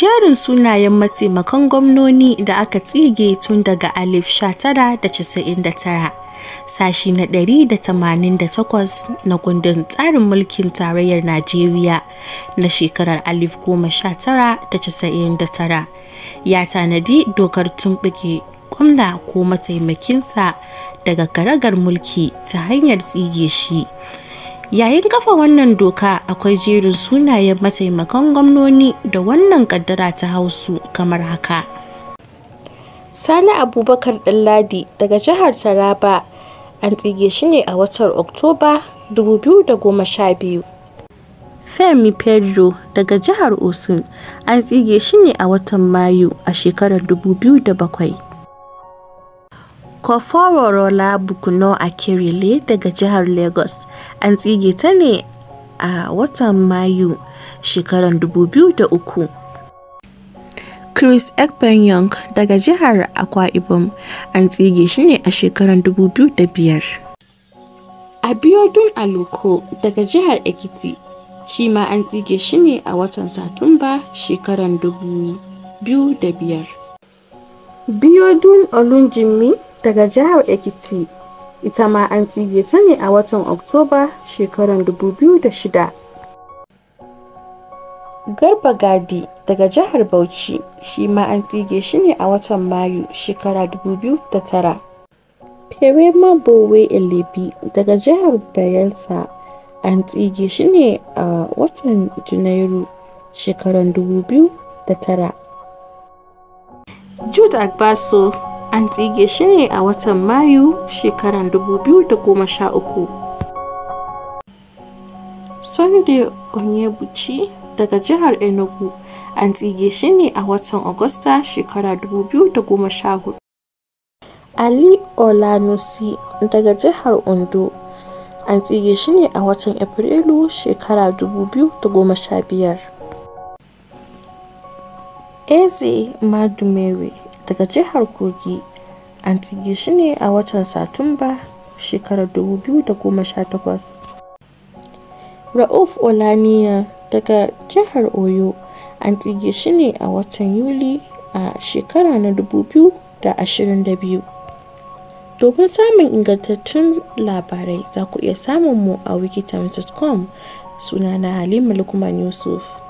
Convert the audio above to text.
jerin sunayen mataimakan gwamnoni da aka tsige tun daga alif 1999 sashi na 188 na kundin tsarin mulkin tarayyar najeriya na shekarar alif 1999 ya tanadi dokar tumbuke gwamna ko mataimakinsa daga karagar mulki ta hanyar tsige shi yayin kafa wannan doka akwai jerin sunayen mataimakan gwamnoni da wannan kaddara ta hausu kamar haka sani abubakar Ladi, daga jihar taraba an tsige shi ne a watan oktoba 2012 femi pedro daga jihar osun an tsige shi ne a watan mayu a shekarar 2007 Kofororola Bukuno Akinyele daga jihar Lagos, an tsige ta ne a watan Mayu shekarar 2003. Chris Ekpenyong daga jihar Akwa Ibom, an tsige shi ne a shekarar 2005. Abiodun Aloko daga jihar Ekiti, shi ma an tsige shi ne a watan Satumba shekarar 2005. Biodun Olunjimi daga jihar Ekiti, ita ma an tsige ta ne a watan Oktoba shekarar 2006. Garba Gadi daga jihar Bauchi shi ma an tsige shi ne a watan Mayu shekara 2009. Fere Mabowe Elebi daga jihar Bayelsa an tsige shi ne a watan Janairu shekarar 2009. Jude Agbaso an tsige shi ne a watan mayu shekaran 2013 sunday onyebuchi daga jihar enugu an tsige shi ne a watan agusta shekara 2014 ali olanusi daga jihar ondo an tsige shi ne a watan afrilu shekara 2015 eze madumere daga jihar kogi an tsige shi ne a watan satumba shekarar 2018 rauf olaniya daga jihar oyo an tsige shi ne a watan yuli a shekara na 2022 domin samun ingantattun labarai za ku iya samun mu a wikitam.com na halima lukman yusuf